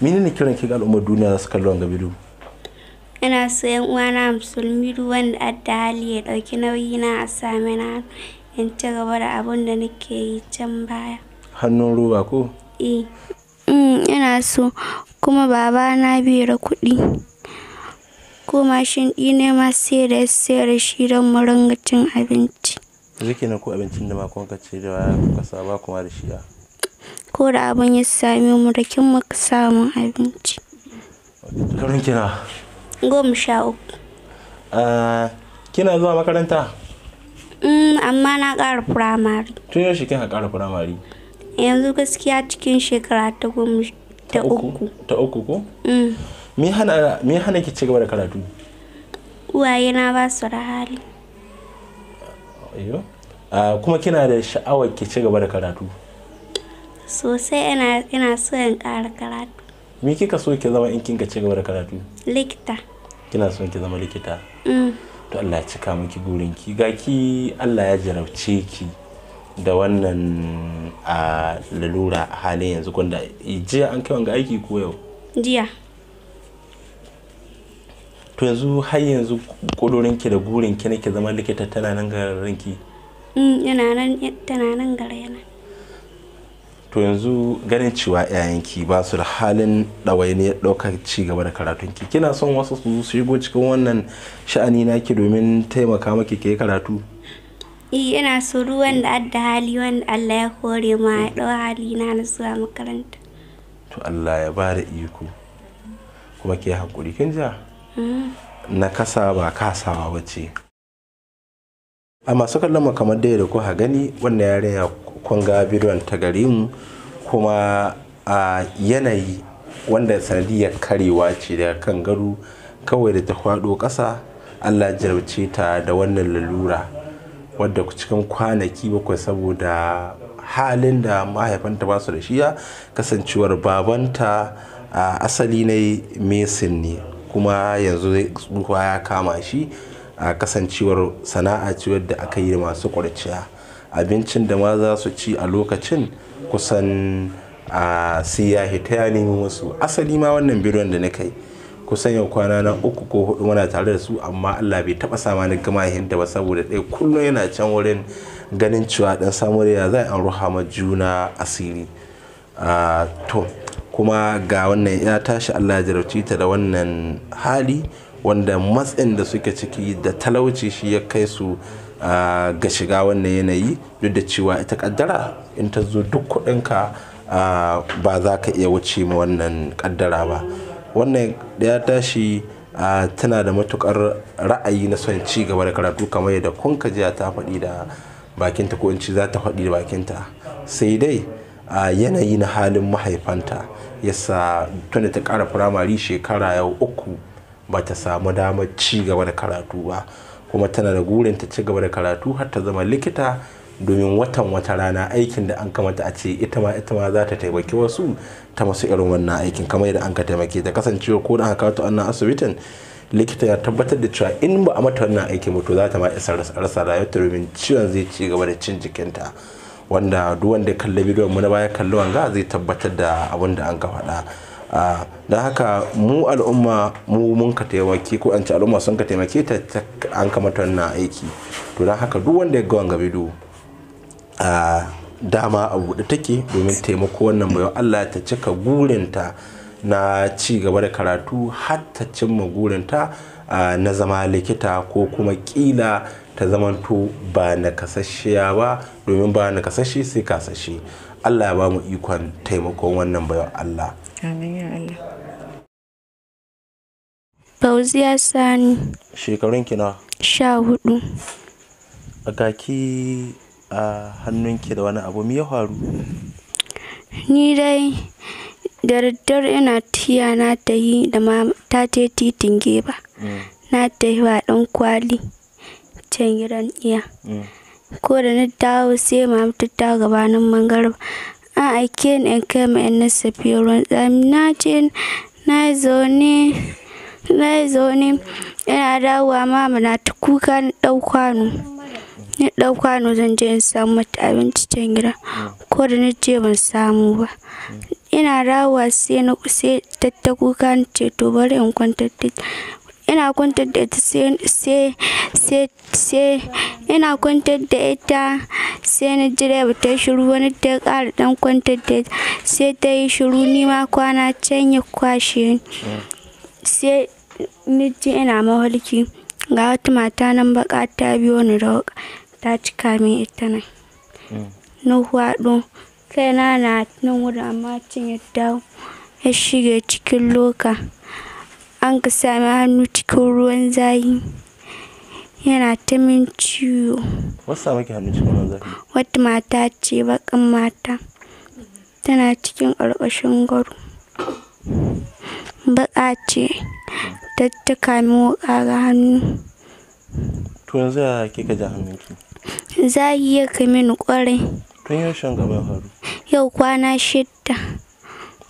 mini ne kiran ki al'ummar duniya za su kalli wanga bidiyo ina so yan uwana musulmi wanda adda hali ya dauki nauyi na a sami na in ci gaba da abun da nake yi can baya hannun ruwa ko eh mm, ina so kuma baba na da kuɗi ko mashin ɗi ne ma sai da sai da shi don mu ringa cin abinci. Yanzu na ko abincin da ma ka ce da kuka saba kuma da shi a. ko da abin ya same mu da kin muka samun abinci shekarun kina goma sha uku eh, kina zuwa makaranta mm, amma na ƙara firamare tun yaushe kika ƙara firamare yanzu gaskiya cikin shekara ta goma ta uku ta uku ko mm. me hana me hana ki ci gaba da karatu uwaye na ba su da hali eh, kuma kina da sha'awar ki ci gaba da karatu sosai ina so in ƙara karatu me kika so ki zama in kinka ci gaba da karatu likita kina son ki zama likita mm. to Allah ya cika miki gurin ki ga ki Allah ya jarabce ki da wannan a lalura a halin yanzu gwanda jiya an kai wanga aiki ko yau jiya to yanzu har yanzu kudurin ki da gurin ki nake zama likita tana nan ga ranki mm, yana nan tana nan gare yana to yanzu ganin cewa yayanki ba su da halin ɗawainiyar ɗaukar ci gaba da karatunki kina son wasu su shigo cikin wannan sha'ani naki domin taimaka maki ke karatu eh, ina so ruwan da adda hali wanda Allah ya kore ma ya ɗau hali na na zuwa makaranta to Allah ya ba da iko kuma ke hakuri kin ja mm. na kasa ba kasawa ba ce a masu kallon kamar da ku ha gani wannan ya kun ga bidiyon ta gare kuma a yanayi wanda sanadiyar karewa ce daga kan gado kawai da ta kwado ƙasa allah jarabce ta da wannan lalura wadda cikin kwanaki bakwai saboda halin da mahaifanta ba su da shiya kasancewar babanta a asali ne mesin ne kuma yanzu tsufa ya kama shi a kasancewar sana'a ce wadda aka yi masu ƙwarciya abincin da ma za su ci a lokacin kusan a sai ya hita ya nemi musu asali ma wannan birnin da na kai kusan yau kwana na uku ko hudu muna tare da su amma Allah bai taba sama ni gama hinta ba saboda ɗaya kullum yana can wurin ganin cewa dan samu zai an ruha ruhama juna asiri to kuma ga wannan ya tashi Allah ya jarabci ta da wannan hali wanda matsin da suke ciki da talauci shi ya kai su ga shiga wannan yanayi duk da cewa ita kaddara in ta zo duk kuɗinka ba za ka iya wuce ma wannan kaddara ba wannan ya tashi tana da matukar ra'ayi na son ci gaba da karatu kamar yadda kun ji ta faɗi da bakinta ko in ci za ta faɗi da bakinta sai dai yanayi na halin mahaifanta yasa tunda ta kara firamare shekara yau uku ba ta samu damar ci gaba da karatu ba kuma tana da gurin ta ci gaba da karatu har ta zama likita domin watan wata rana aikin da an kamata a ce ita ma ita ma za ta taimaki wasu ta masu irin wannan aikin kamar yadda an ka taimake ta kasancewa ko da haka to annan asibitin likita ya tabbatar da cewa in ba a mata wannan aikin ba to za ta ma isa rasa rayuwarta domin ciwon zai ci gaba da cin jikinta wanda duk wanda ya kalli bidiyon mu na baya kalli wanga zai tabbatar da abin da an ka faɗa a ah, da haka mu al'umma mu mun ka taimake ko an ci al'umma sun ka taimake ta an na aiki to don haka duk wanda ya ga wanga bidiyo a ah, dama a buɗe take domin taimako wannan bayan Allah ta cika gurinta na ci gaba da karatu har ta cimma gurinta ah, na zama likita ko kuma kila ta zamanto ba na kasashiya ba domin ba na kasashe sai kasashe Allah ya ba mu ikon taimakon wannan bayan Allah Amin ya Allah. Fauziya Sani. Shekarun kina Sha hudu. Ga ki a hannunki da wani abu ya faru? Ni dai da daddare ina tiya na ta yi da ta ce titin geba. Mm. Na ta yi wa ɗan kwali can gidan iya. Mm. Ko da na dawo sai ma ta ta gabanin mangarba. and I came and came and disappearance. I'm nothing, nice zone, nice zone. Ina I don't want kuka to cook and zan je in samu mata abinci can gida. Ko da na je ban samu ba. Ina dawowa sai na kuka na ce to bari in kwantar ina kwantar da ita sai ina kwantar da ita sai na direba ta shiru wani ta ƙara dan kwantar da ita sai ta yi shiru ni ma kwana can ya kwashe sai ni ji ina mawalki ga wata mata nan baka ta biyo ni da ta cika min ita nan na huwaɗo kai na na nan wurin amma cin ya dawo ya shiga cikin loka an ka sami hannu cikin ruwan zayi. yana ta min ciwo cikin ruwan wata mata ce bakan mata tana cikin ƙarƙashin gwaro. baka ce ta taka min wuƙa ga hannu to yanzu ya kika ji hannunki zahi ya kai min kwarai. tun shan gaba faru yau kwana shidda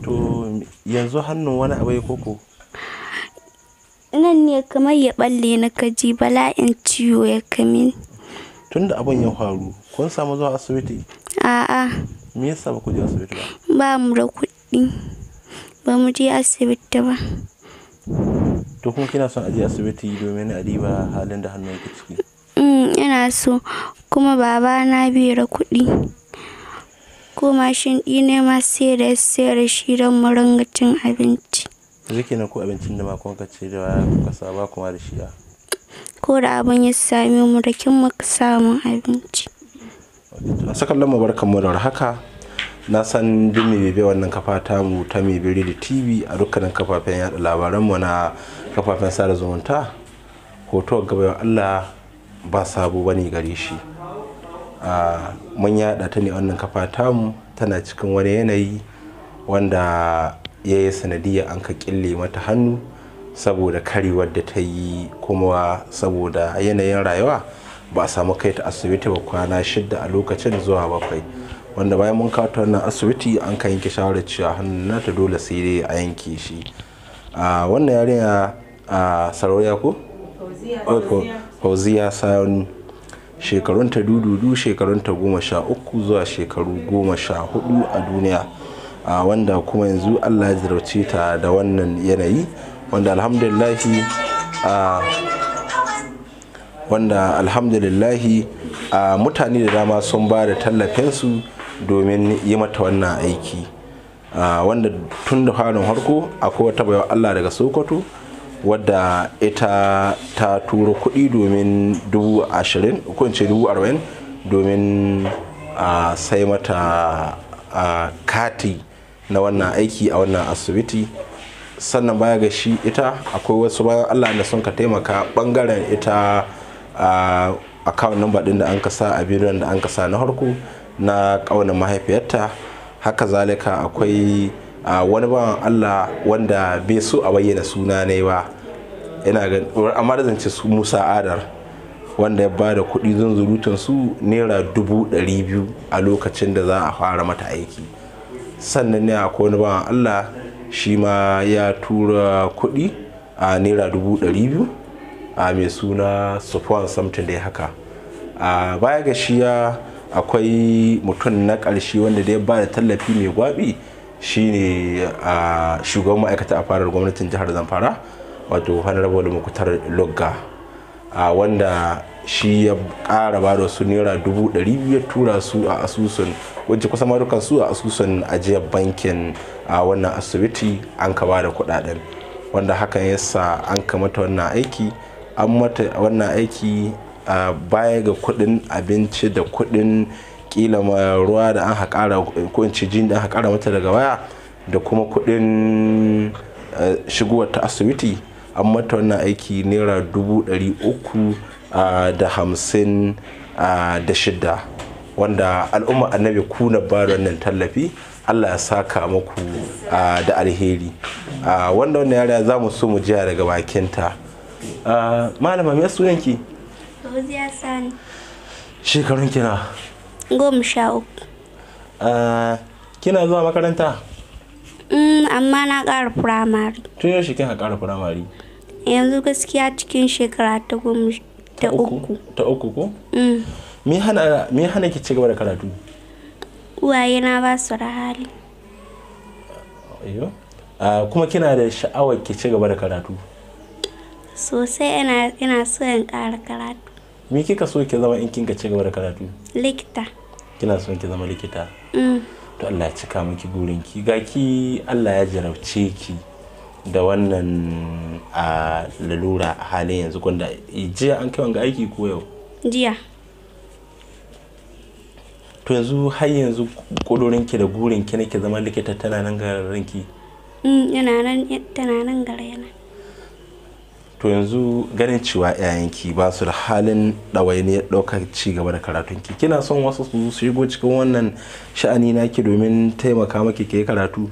to yanzu hannun wani abai koko nan ne kamar ya balle na kaji bala'in ciwo ya kame tun da abin ya faru kun samu zuwa asibiti a'a me yasa ba ku je asibiti ba ba mu da kuɗi ba mu je asibiti ba to kuma kina son aje asibiti domin a diba halin da hannun ka ciki mm, ina so kuma baba na bai da kuɗi ko mashin ɗi ne ma sai da sayar shi don mu cin abinci Yanzu kenan ko abincin da ma ka ce da waya kuka sa ba kuma da shi a. Ko da abin ya same mu da kin muka samu abinci. Sakallon lamu barkan mu da haka na san duk mai bebe wannan kafa ta mu ta mai biri da TV a dukkanin kafafen yada labaran mu na kafafen sada zumunta hoto gaba Allah ba sabo bane gare shi. mun yada ta ne wannan kafa mu tana cikin wani yanayi wanda ya yi sanadiyar an ka kille mata hannu saboda karewar da ta yi kuma saboda yanayin rayuwa ba a samu kai ta asibiti ba kwana shida a lokacin zuwa bakwai wanda bayan mun kawo wannan asibiti an ka yanke shawarar cewa hannun ta dole sai dai a yanke shi a wannan yarinya a sarauniya ko oh, fauziya sani shekarunta dududu shekarunta goma sha uku zuwa shekaru goma sha hudu a duniya wanda kuma yanzu allah ya ta da wannan yanayi wanda alhamdulillahi wanda alhamdulillahi mutane da dama sun ba da tallafinsu domin yi mata wannan aiki wanda tun da farin harko akwai wata bayan allah daga sokoto wadda ita ta turo kuɗi domin dubu ashirin kunce domin sai mata kati na wannan aiki a wannan asibiti sannan baya ga shi ita akwai wasu bayan allah da sun ka taimaka bangaren ita a account number din da an kasa a bidiyon da an kasa na harku na kaunin mahaifiyarta haka zalika akwai wani bawan allah wanda bai so a bayyana suna ne ba yana ga amma da zance su musa adar wanda ya bada kuɗi zurutun su naira dubu ɗari biyu a lokacin da za a fara mata aiki sannan ne akwai wani bawan allah shi ma ya tura kuɗi a naira dubu ɗari biyu a mai suna sufwan samtin da ya haka a baya ga shiya akwai mutum na ƙarshe wanda da ya ba da tallafi mai gwabi shine a shugaban ma'aikata a farar gwamnatin jihar zamfara wato honorable mukutar logga a wanda shi ya kara ba da su naira dubu ɗari biyu tura su a asusun wacce kusan marukan su a asusun ajiyar bankin a wannan asibiti an ka ba da kudaden wanda hakan ya sa an ka mata wannan aiki an mata wannan aiki baya ga kudin abinci da kudin kila ruwa da an haƙara ko in ce jin da haƙara mata daga waya da kuma kudin eh, shigowar ta asibiti an mata wannan aiki naira dubu ɗari uku da hamsin da shida wanda al'umma annabi ku na ba wannan tallafi allah ya saka muku da alheri wanda wannan yara za mu so mu jiya daga bakinta malama me su yanki Shekarun kina? Goma sha uku. Kina zuwa makaranta? Mm, amma na ƙara firamare. Tun yaushe kika ƙara firamare? yanzu gaskiya cikin shekara ta goma ta uku ta uku ko mm. me hana me hana ki cigaba da karatu uwaye na ba su rahali ayo ah, kuma kina da sha'awar ki cigaba da karatu sosai ina so in ƙara karatu me kika so ki zama in kinka cigaba da karatu likita kina son ki zama likita mm. to Allah ya cika miki gurinki ki ga ki Allah ya jarabce ki da wannan a lalura a halin yanzu gwanda jiya an kai wanga aiki ko yau jiya to yanzu har yanzu ki da gurin ki nake zama likita tana nan ga ranki mm, yana nan tana nan gare yana to yanzu ganin cewa yayanki ba su da halin ɗawainiyar ɗaukar ci gaba da ki kina son wasu su shigo cikin wannan sha'ani naki domin taimaka maki ke karatu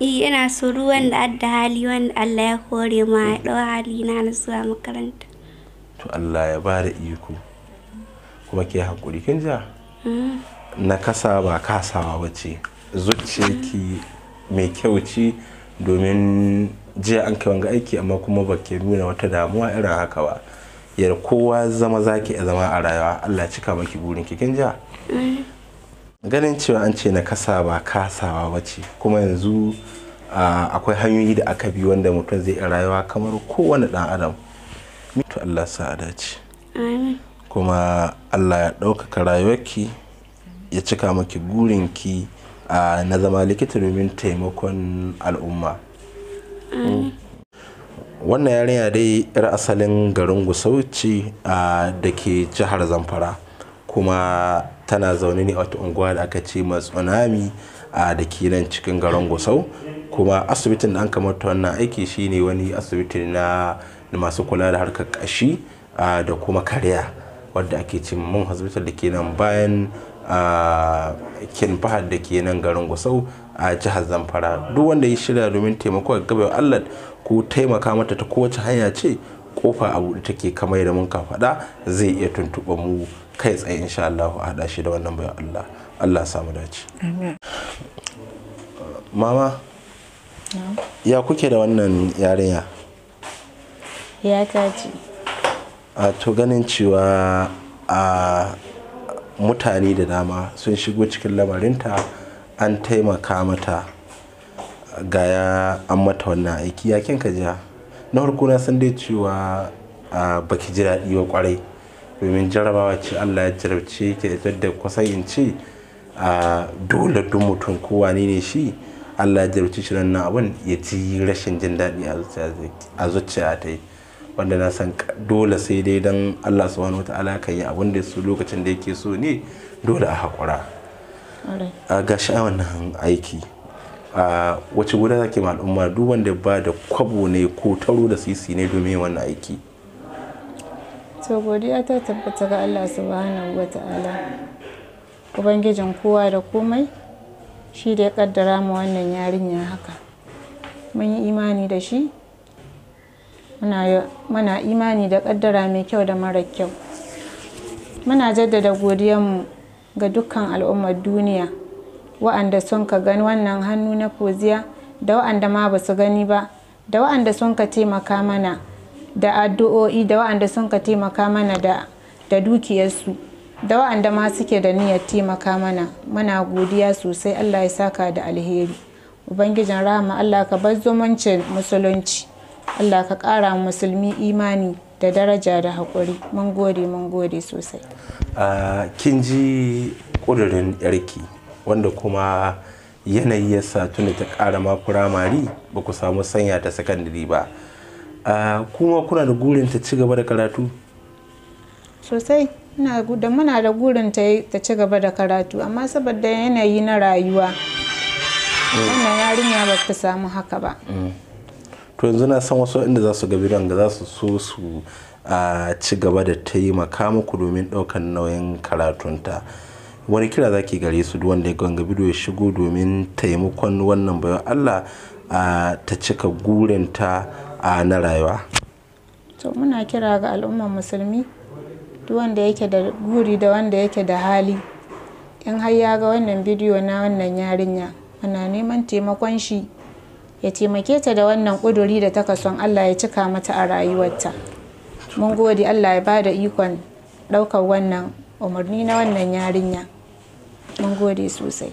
Eh ina so ruwan wanda adda hali wanda Allah ya kore ma ya ɗau hali na na zuwa makaranta. To Allah ya ba da iko. Kuma ke haƙuri kin ja? Mm. Na kasa ba kasawa ba ce. ki mai kyau ce domin jiya an kai wanga aiki amma kuma ba ke nuna wata damuwa irin haka ba. Yar kowa zama zaki a zama a rayuwa Allah cika maki burin ki kin ja? Mm. ganin cewa an ce na kasa ba kasawa ba ce kuma yanzu akwai hanyoyi da aka bi wanda mutum zai rayuwa kamar kowane dan adam mutu Allah sa dace kuma Allah ya ɗaukaka rayuwarki ya cika maki gurinki na zama likita domin taimakon al'umma wannan yarinya dai yar asalin garin gusauci da ke jihar zamfara kuma tana zaune ne a wata unguwa da aka ce ma tsunami a da ke cikin garin gusau kuma asibitin da an kamata wannan aiki shine wani asibiti na masu kula da harkar kashi da kuma karya wadda ake ce mun hospital da ke nan bayan kin fahad da ke nan garin gusau a jihar zamfara duk wanda ya shirya domin taimako ga gabar allah ko taimaka mata ta kowace hanya ce kofa a buɗe take kamar da mun ka faɗa zai iya tuntuɓa mu kai tsaye insha Allah a haɗa shi da wannan bayan Allah Allah samu dace mama ya kuke da wannan yarinya ya taji a to ganin cewa a mutane da dama sun shigo cikin lamarinta an taimaka mata ga ya an mata wannan aiki yakin ka ja na farko na dai cewa baki ji daɗi kwarai domin jarabawa ce allah ya jarabce ke ita da kwasa in ce a dole duk mutum kowa ne shi allah ya jarabce shi nan abin ya ci rashin jin daɗi a zuciya ta yi wanda na san dole sai dai don allah wani wata alaka yi abin da su lokacin da yake so ne dole a haƙura a ga wannan aiki a wace guda zake ma al'umma duk wanda ba da kwabo ne ko taro da sisi ne domin wannan aiki to godiya ta tabbata ga Allah subhanahu wa ta'ala ubangijin kowa da komai shi da ya kaddara mu wannan yarinya haka mun yi imani da shi muna imani da kaddara mai kyau da mara kyau muna jaddada godiyanmu ga dukkan al'ummar duniya wa'anda sun ka gani wannan hannu na foziya da wa'anda ma ba su gani ba da wa'anda sun ka taimaka mana da addu'o'i da wa'anda sun ka taimaka mana da dukiyarsu da wa'anda ma suke da niyyar taimaka mana muna godiya sosai Allah ya saka da alheri ubangijin rahama Allah ka bar zumuncin musulunci Allah ka ƙara musulmi imani da daraja da haƙuri mun gode mun gode sosai kin ji ƙudurin yarki wanda kuma yanayi ya sa tuni ta ƙara ma firamare ba ku samu sanya ta sakandare ba kuma kuna da gurin ta ci gaba da karatu sosai da muna da gurin ta ci gaba da karatu amma saboda yanayi na rayuwa wannan yarinya ba ta samu haka ba to yanzu na san wasu inda za su ga bidiyon ga za su so su ci gaba da taimaka muku domin ɗaukan nauyin karatunta wani kira zaki gare su duk wanda ya ganga bidiyo ya shigo domin taimakon wannan bayan allah ta cika gurinta a na rayuwa to muna kira ga al'ummar musulmi duk wanda yake da guri da wanda yake da hali in har ya ga wannan bidiyo na wannan yarinya muna neman taimakon shi ya taimake ta da wannan ƙuduri da ta kason Allah ya cika mata a rayuwarta mun gode Allah ya bada ikon ɗaukar wannan umarni na wannan yarinya mun gode sosai